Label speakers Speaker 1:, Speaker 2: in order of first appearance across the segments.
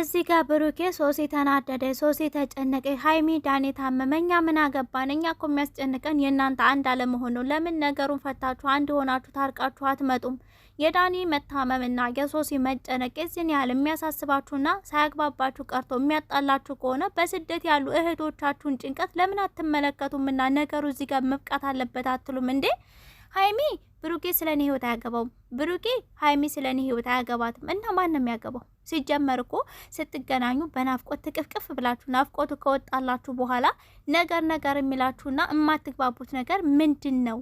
Speaker 1: እዚህ ጋር ብሩኬ ሶሲ ተናደደ፣ ሶሲ ተጨነቀ፣ ሀይሚ ዳኔ ታመመ። እኛ ምን አገባን? እኛ ኮ የሚያስጨንቀን የእናንተ አንድ አለመሆን ነው። ለምን ነገሩን ፈታችሁ አንድ ሆናችሁ ታርቃችሁ አትመጡም? የዳኒ መታመምና የሶሲ መጨነቅ ዝን ያህል የሚያሳስባችሁና ሳያግባባችሁ ቀርቶ የሚያጣላችሁ ከሆነ በስደት ያሉ እህቶቻችሁን ጭንቀት ለምን አትመለከቱምና ነገሩ እዚህ ጋር መብቃት አለበት አትሉም እንዴ? ሀይሚ ብሩኬ ስለኔ ህይወት አያገባውም፣ ብሩኬ ሀይሚ ስለኔ ህይወት አያገባትም እና ማን ነው የሚያገባው? ሲጀመር እኮ ስትገናኙ በናፍቆት ትቅፍቅፍ ብላችሁ ናፍቆቱ ከወጣላችሁ በኋላ ነገር ነገር የሚላችሁና የማትግባቡት ነገር ምንድን ነው?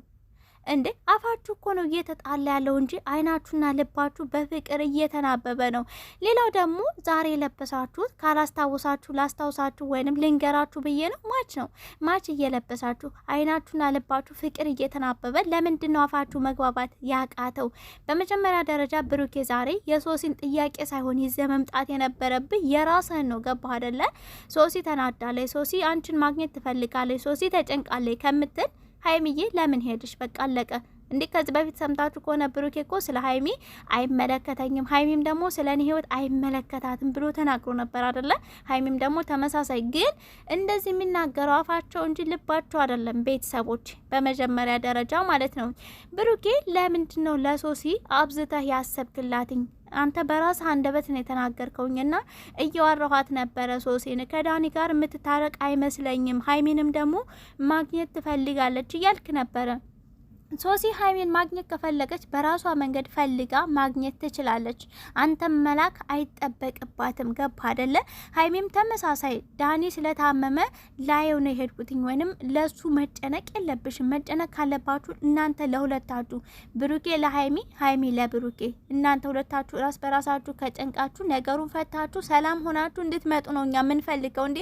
Speaker 1: እንዴ አፋችሁ እኮ ነው እየተጣላ ያለው እንጂ አይናችሁና ልባችሁ በፍቅር እየተናበበ ነው። ሌላው ደግሞ ዛሬ የለበሳችሁት ካላስታወሳችሁ ላስታውሳችሁ ወይንም ልንገራችሁ ብዬ ነው። ማች ነው ማች እየለበሳችሁ አይናችሁና ልባችሁ ፍቅር እየተናበበ ለምንድን ነው አፋችሁ መግባባት ያቃተው? በመጀመሪያ ደረጃ ብሩኬ ዛሬ የሶሲን ጥያቄ ሳይሆን ይዘ መምጣት የነበረብህ የራስህን ነው። ገባህ አይደለ? ሶሲ ተናዳለች፣ ሶሲ አንቺን ማግኘት ትፈልጋለች፣ ሶሲ ተጨንቃለች ከምትል ሀይሚዬ ለምን ሄድሽ? በቃ አለቀ። እንዴ ከዚህ በፊት ሰምታችሁ ከሆነ ብሩኬ እኮ ስለ ሀይሚ አይመለከተኝም፣ ሀይሚም ደግሞ ስለ እኔ ህይወት አይመለከታትም ብሎ ተናግሮ ነበር አደለ? ሀይሚም ደግሞ ተመሳሳይ። ግን እንደዚህ የሚናገረው አፋቸው እንጂ ልባቸው አይደለም። ቤተሰቦች በመጀመሪያ ደረጃ ማለት ነው። ብሩኬ ለምንድን ነው ለሶሲ አብዝተህ ያሰብክላትኝ? አንተ በራስ አንደበት ነው የተናገርከውኝና እየዋረኋት ነበረ። ሶሴን ከዳኒ ጋር የምትታረቅ አይመስለኝም፣ ሀይሚንም ደግሞ ማግኘት ትፈልጋለች እያልክ ነበረ። ሶሲ ሀይሚን ማግኘት ከፈለገች በራሷ መንገድ ፈልጋ ማግኘት ትችላለች። አንተም መላክ አይጠበቅባትም። ገባ አደለ? ሀይሚም ተመሳሳይ ዳኒ ስለታመመ ላየው ነው የሄድኩትኝ፣ ወይንም ለሱ መጨነቅ የለብሽም። መጨነቅ ካለባችሁ እናንተ ለሁለታችሁ፣ ብሩኬ ለሀይሚ፣ ሀይሚ ለብሩኬ፣ እናንተ ሁለታችሁ ራስ በራሳችሁ ከጨንቃችሁ ነገሩን ፈታችሁ ሰላም ሆናችሁ እንድትመጡ ነው እኛ የምንፈልገው። እንዴ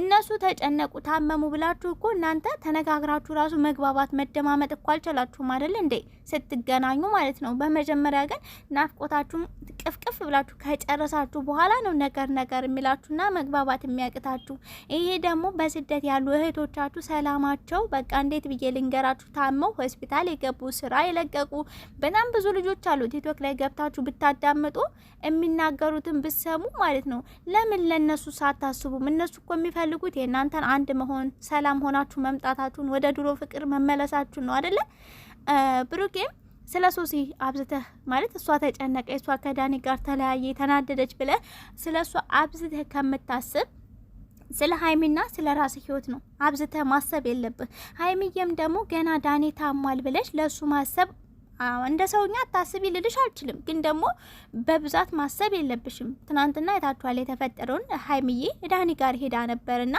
Speaker 1: እነሱ ተጨነቁ ታመሙ ብላችሁ እኮ እናንተ ተነጋግራችሁ ራሱ መግባባት መደማመጥ እኮ አልቻላችሁ። አላችሁም አይደል እንዴ? ስትገናኙ ማለት ነው። በመጀመሪያ ግን ናፍቆታችሁም ቅፍቅፍ ብላችሁ ከጨረሳችሁ በኋላ ነው ነገር ነገር የሚላችሁና መግባባት የሚያቅታችሁ። ይሄ ደግሞ በስደት ያሉ እህቶቻችሁ ሰላማቸው በቃ እንዴት ብዬ ልንገራችሁ፣ ታመው ሆስፒታል የገቡ ስራ የለቀቁ በጣም ብዙ ልጆች አሉ። ቲክቶክ ላይ ገብታችሁ ብታዳምጡ የሚናገሩትን ብሰሙ ማለት ነው። ለምን ለእነሱ ሳታስቡም? እነሱ እኮ የሚፈልጉት የእናንተን አንድ መሆን፣ ሰላም ሆናችሁ መምጣታችሁን፣ ወደ ድሮ ፍቅር መመለሳችሁን ነው አደለም? ብሩኬም ስለ ሶሲ አብዝተህ ማለት እሷ ተጨነቀ፣ እሷ ከዳኒ ጋር ተለያየ፣ ተናደደች ብለ ስለ እሷ አብዝተህ ከምታስብ ስለ ሀይሚና ስለ ራስ ህይወት ነው አብዝተህ ማሰብ የለብህ። ሀይሚዬም ደግሞ ገና ዳኔ ታሟል ብለሽ ለእሱ ማሰብ እንደ ሰውኛ አታስቢ ልልሽ አልችልም፣ ግን ደግሞ በብዛት ማሰብ የለብሽም። ትናንትና የታችኋል የተፈጠረውን ሀይምዬ ዳኒ ጋር ሄዳ ነበር እና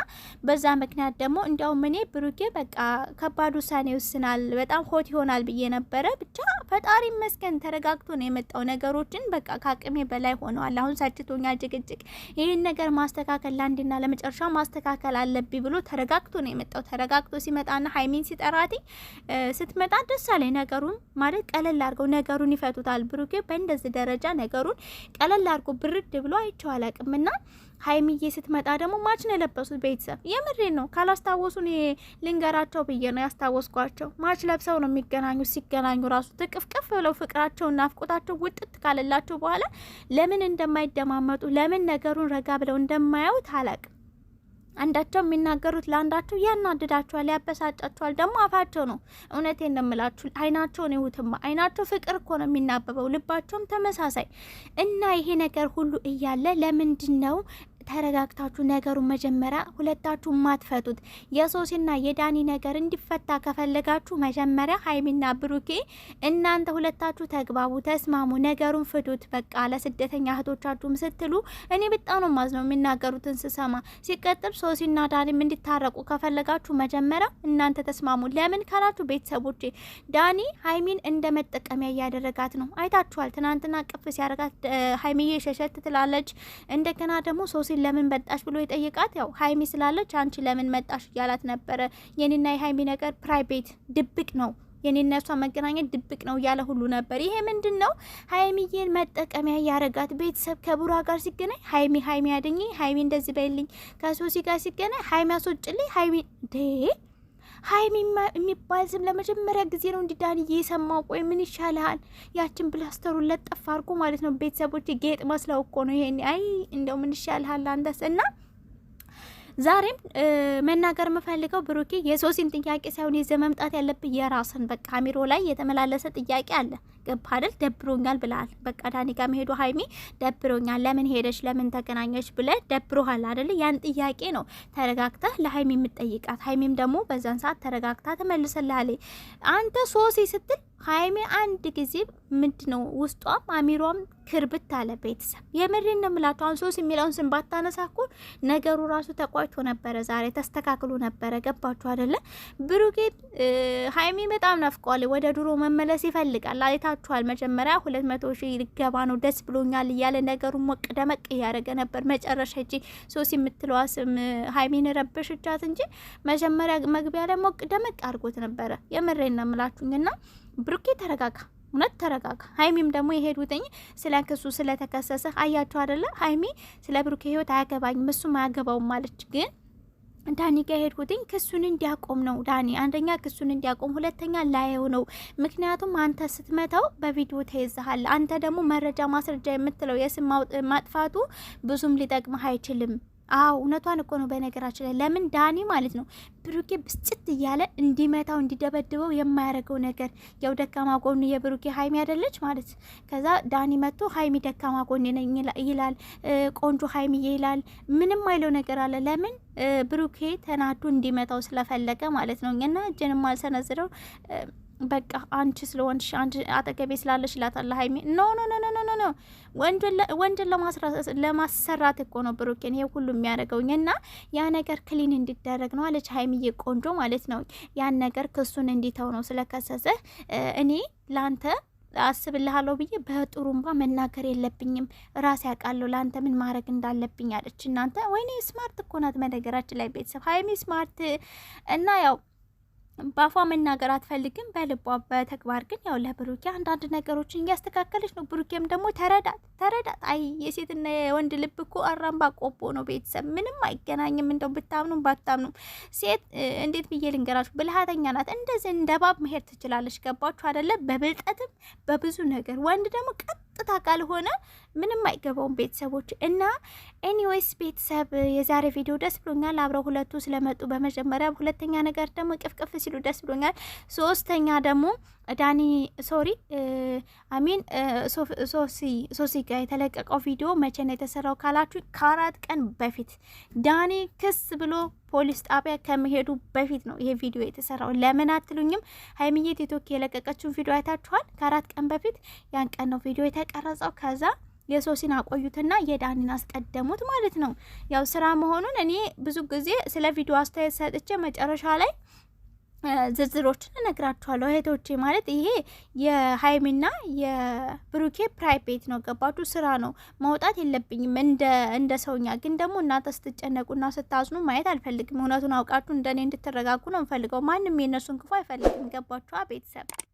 Speaker 1: በዛ ምክንያት ደግሞ እንዲያውም እኔ ብሩኬ በቃ ከባድ ውሳኔ ይወስናል፣ በጣም ሆት ይሆናል ብዬ ነበረ። ብቻ ፈጣሪ ይመስገን ተረጋግቶ ነው የመጣው። ነገሮችን በቃ ከአቅሜ በላይ ሆነዋል። አሁን ሰጭቶኛ ጭቅጭቅ፣ ይህን ነገር ማስተካከል ለአንድና ለመጨረሻ ማስተካከል አለብኝ ብሎ ተረጋግቶ ነው የመጣው። ተረጋግቶ ሲመጣና ሀይሚን ሲጠራት ስትመጣ ደስ አለኝ ነገሩን ማለት ቀለል አድርገው ነገሩን ይፈቱታል። ብሩኬ በእንደዚህ ደረጃ ነገሩን ቀለል አድርጎ ብርድ ብሎ አይቼው አላቅምና ሀይሚዬ ስትመጣ ደግሞ ማች ነው የለበሱት። ቤተሰብ የምሬ ነው። ካላስታወሱን ልንገራቸው ብዬ ነው ያስታወስኳቸው። ማች ለብሰው ነው የሚገናኙ። ሲገናኙ ራሱ ጥቅፍቅፍ ብለው ፍቅራቸውን ናፍቆታቸው ውጥት ካለላቸው በኋላ ለምን እንደማይደማመጡ ለምን ነገሩን ረጋ ብለው እንደማያዩት አላቅም። አንዳቸው የሚናገሩት ለአንዳቸው ያናድዳቸዋል፣ ያበሳጫቸዋል። ደግሞ አፋቸው ነው። እውነቴ እንደምላችሁ አይናቸውን ይሁትማ። አይናቸው ፍቅር እኮ ነው የሚናበበው፣ ልባቸውም ተመሳሳይ እና ይሄ ነገር ሁሉ እያለ ለምንድን ነው ተረጋግታችሁ ነገሩን መጀመሪያ ሁለታችሁ ማትፈቱት የሶሲና የዳኒ ነገር እንዲፈታ ከፈለጋችሁ መጀመሪያ ሀይሚና ብሩኬ እናንተ ሁለታችሁ ተግባቡ፣ ተስማሙ፣ ነገሩን ፍቱት። በቃ ለስደተኛ እህቶቻችሁም ስትሉ እኔ በጣም ነው ማዝነው የሚናገሩትን ስሰማ። ሲቀጥል ሶሲና ዳኒም እንዲታረቁ ከፈለጋችሁ መጀመሪያ እናንተ ተስማሙ። ለምን ካላችሁ ቤተሰቦቼ ዳኒ ሀይሚን እንደ መጠቀሚያ እያደረጋት ነው። አይታችኋል። ትናንትና ቅፍ ሲያደርጋት ሀይሚዬ ሸሸት ትላለች። እንደገና ደግሞ ሶሲ ሀይሚን ለምን መጣሽ ብሎ የጠየቃት ያው ሀይሚ ስላለች አንቺ ለምን መጣሽ እያላት ነበረ። የኔና የሀይሚ ነገር ፕራይቬት ድብቅ ነው የኔና እሷ መገናኘት ድብቅ ነው እያለ ሁሉ ነበር። ይሄ ምንድን ነው? ሀይሚዬን መጠቀሚያ ያረጋት ቤተሰብ ከቡራ ጋር ሲገናኝ ሀይሚ ሀይሚ አድኝ ሀይሚ እንደዚህ በይልኝ፣ ከሶሲ ጋር ሲገናኝ ሀይሚ አስወጭልኝ ሀይሚ ሀይሚ የሚባል ዝም ለመጀመሪያ ጊዜ ነው እንዲዳን እየሰማው። ቆይ ምን ይሻልሃል? ያችን ብላስተሩን ለጠፍ አድርጎ ማለት ነው ቤተሰቦች ጌጥ መስለው እኮ ነው ይሄን። አይ እንደው ምን ይሻልሃል አንተስ እና ዛሬም መናገር የምፈልገው ብሩኬ የሶሲን ጥያቄ ሳይሆን ይዘ መምጣት ያለብህ የራስን በቃ አሚሮ ላይ የተመላለሰ ጥያቄ አለ። ገባህ አይደል? ደብሮኛል ብለሃል። በቃ ዳኒ ጋር መሄዱ ሀይሚ ደብሮኛል፣ ለምን ሄደች፣ ለምን ተገናኘች ብለ ደብሮሃል አይደል? ያን ጥያቄ ነው ተረጋግተህ ለሀይሚ የምጠይቃት። ሀይሚም ደግሞ በዛን ሰዓት ተረጋግታ ተመልሰልሃለች። አንተ ሶሲ ስትል ሀይሜ አንድ ጊዜ ምንድ ነው ውስጧም አሚሯም ክርብት አለ። ቤተሰብ የምሬን ነው የምላችሁ። አሁን ሶስ የሚለውን ስም ባታነሳ እኮ ነገሩ ራሱ ተቋጭቶ ነበረ፣ ዛሬ ተስተካክሎ ነበረ። ገባችሁ አደለ? ብሩኬ ሀይሜ በጣም ናፍቋል፣ ወደ ድሮ መመለስ ይፈልጋል። አይታችኋል፣ መጀመሪያ ሁለት መቶ ሺ ልገባ ነው ደስ ብሎኛል እያለ ነገሩን ሞቅ ደመቅ እያደረገ ነበር። መጨረሻ እጂ ሶስ የምትለዋ ስም ሀይሜን ረበሽቻት እንጂ መጀመሪያ መግቢያ ላይ ሞቅ ደመቅ አድርጎት ነበረ። የምሬን ነው የምላችሁኝና ብሩኬ ተረጋጋ፣ እውነት ተረጋጋ። ሀይሚም ደግሞ የሄዱትኝ ስለ ክሱ ስለተከሰሰ አያቸው አደለ? ሀይሚ ስለ ብሩኬ ህይወት አያገባኝም እሱም አያገባውም አለች ግን ዳኒ ጋር ሄድኩትኝ ክሱን እንዲያቆም ነው። ዳኒ አንደኛ ክሱን እንዲያቆም፣ ሁለተኛ ላየው ነው። ምክንያቱም አንተ ስትመታው በቪዲዮ ተይዘሃል። አንተ ደግሞ መረጃ ማስረጃ የምትለው የስም ማጥፋቱ ብዙም ሊጠቅምህ አይችልም። አዎ እውነቷን እኮ ነው። በነገራችን ላይ ለምን ዳኒ ማለት ነው ብሩኬ ብስጭት እያለ እንዲመታው እንዲደበድበው የማያደርገው ነገር ያው ደካማ ጎኑ የብሩኬ ሀይሚ አይደለች ማለት ከዛ ዳኒ መጥቶ ሀይሚ ደካማ ጎን ነኝ ይላል፣ ቆንጆ ሀይሚ ይላል። ምንም አይለው ነገር አለ። ለምን ብሩኬ ተናዱ እንዲመታው ስለፈለገ ማለት ነው። እኛና እጅንም አልሰነዝረው በቃ አንቺ ስለሆንሽ አንቺ አጠገቤ ስላለሽ እላታለሁ። ሀይሚ ኖ ኖ ኖ ኖ ኖ ኖ ወንድን ለማሰራት እኮ ነው ብሩኬን ይሄ ሁሉ የሚያደርገውኝ እና ያ ነገር ክሊን እንዲደረግ ነው አለች ሀይሚዬ። ቆንጆ ማለት ነው ያን ነገር ክሱን እንዲተው ነው ስለከሰሰ እኔ ለአንተ አስብልሃለሁ ብዬ በጥሩምባ መናገር የለብኝም ራሴ ያውቃለሁ ለአንተ ምን ማድረግ እንዳለብኝ አለች። እናንተ ወይኔ ስማርት እኮ ናት። መነገራችን ላይ ቤተሰብ ሀይሚ ስማርት እና ያው በአፏ መናገር አትፈልግም፣ በልቧ በተግባር ግን ያው ለብሩኬ አንዳንድ ነገሮችን እያስተካከለች ነው። ብሩኬም ደግሞ ተረዳት ተረዳት። አይ የሴትና የወንድ ልብ እኮ አራምባ ቆቦ ነው። ቤተሰብ ምንም አይገናኝም። እንደው ብታምኑም ባታምኑም ሴት እንዴት ብዬ ልንገራችሁ፣ ብልሃተኛ ናት። እንደዚህ እንደባብ መሄድ ትችላለች። ገባችሁ አደለ? በብልጠትም በብዙ ነገር ወንድ ደግሞ ቀጥ ቀጥታ ካልሆነ ምንም አይገባውም ቤተሰቦች እና ኤኒዌይስ ቤተሰብ የዛሬ ቪዲዮ ደስ ብሎኛል፣ አብረው ሁለቱ ስለመጡ በመጀመሪያ ሁለተኛ ነገር ደግሞ ቅፍቅፍ ሲሉ ደስ ብሎኛል። ሶስተኛ ደግሞ ዳኒ ሶሪ አሚን ሶሲ ጋር የተለቀቀው ቪዲዮ መቼ ነው የተሰራው ካላችሁ ከአራት ቀን በፊት ዳኒ ክስ ብሎ ፖሊስ ጣቢያ ከመሄዱ በፊት ነው ይሄ ቪዲዮ የተሰራው። ለምን አትሉኝም? ሀይሚዬ ቲክቶክ የለቀቀችውን ቪዲዮ አይታችኋል። ከአራት ቀን በፊት ያን ቀን ነው ቪዲዮ የተቀረጸው። ከዛ የሶሲን አቆዩትና የዳኒን አስቀደሙት ማለት ነው። ያው ስራ መሆኑን እኔ ብዙ ጊዜ ስለ ቪዲዮ አስተያየት ሰጥቼ መጨረሻ ላይ ዝርዝሮችን እነግራችኋለሁ እህቶቼ። ማለት ይሄ የሀይሚና የብሩኬ ፕራይቬት ነው፣ ገባችሁ? ስራ ነው፣ ማውጣት የለብኝም እንደ ሰውኛ። ግን ደግሞ እናንተ ስትጨነቁና ስታዝኑ ማየት አልፈልግም። እውነቱን አውቃችሁ እንደኔ እንድትረጋጉ ነው የምፈልገው። ማንም የእነሱን ክፉ አይፈልግም፣ ገባችኋ ቤተሰብ